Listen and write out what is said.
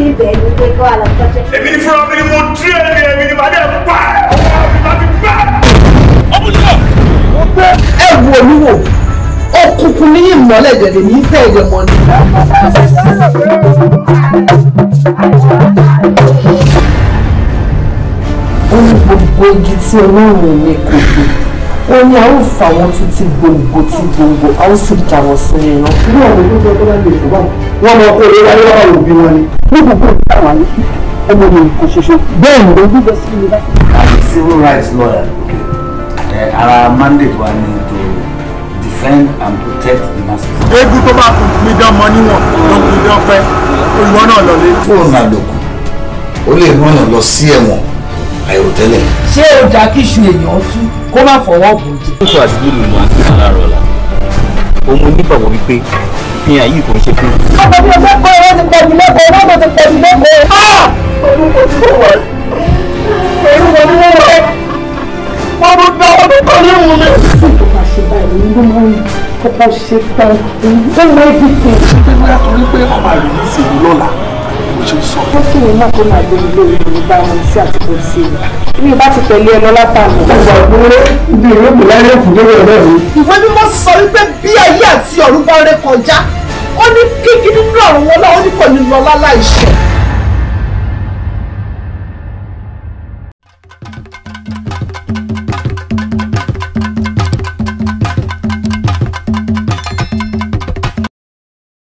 ṣe ibẹ̀ ní pé kọ́ àlàkọ́jẹ́. èmi ni fúnra mi ni mo dúró ẹni èmi ni màdé pa ọwọ́ mi má fi pa. ọmọdé mo gbé ẹrù olúwo òkùnkùn ní ìmọ́lẹ̀ jẹ̀dẹ̀ ní ìfẹ́ ẹ̀jẹ̀ mọ́ ni. ó ní gbogbo igi tí olóòrùn mi kò gbé ó ní a ó fà wọn títí gbòǹgbò tí gbòǹgbò a ó sì dà wọ́n sínú iná. bí àwọn olùdókòwò bá lè fò báwọn wọn máa kó olórí ayélujára òbí wọn ni ní gbogbo ìgbà wà ní ọmọ mi nǹkan ṣoṣo bẹ́ẹ̀ ni ojú lọ sí yunifásitì. civil rights lawyer eh, ara mandate wa ni to defend and protect the masses. eégún tó bá kú pidán mọ níwọ̀n ló ń pidán pẹ́ olùwọ́n náà lọ lé. fóònù àlòkù ó lè rán yàn lọ sí ẹ̀wọ̀n àìròtẹ́lẹ̀. ṣé o dá kí iṣu èèyàn tú kó má fọwọ́ gùn jẹ. ó sọ àti lílo ìmọ̀ àti ìmọ̀ láàárọ̀ la òun onígbàgbọ́ wípé ìpínyà yìí kò ń ṣe fún. ọkọ bí ọjọ́ pọ̀jù lẹ́kọ̀ọ́ mọ́tò ti pọ̀jù lẹ́kọ̀ọ́. orúkọ tí mo wà orúkọ tí mo wà wọ́n mú dá ọdún kan ní ìwọ̀n mi. tó bá ṣe báyìí ló máa ń kọ́kọ́ ṣe tán tó máa ń dìtì. ṣùgbọ́n ìgbà tó ní pé ọmọ rẹ̀ ní ìsìnkú lọ́la wọ́n kí ni náà tó máa gbé ilé ìlú bá wọn sí àtúntò sí i mi bá ti tẹ̀lé ẹnu látàmú. ọgbà ìgbòho ibi ìrókò láyé òkú lórí ọ̀rẹ́ mi. ìwé mímọ́ sọ wípé bí ayé àti ọ̀run bá kọjá ó ní kíkí nínú ọ̀run wọn náà ó ní kò ní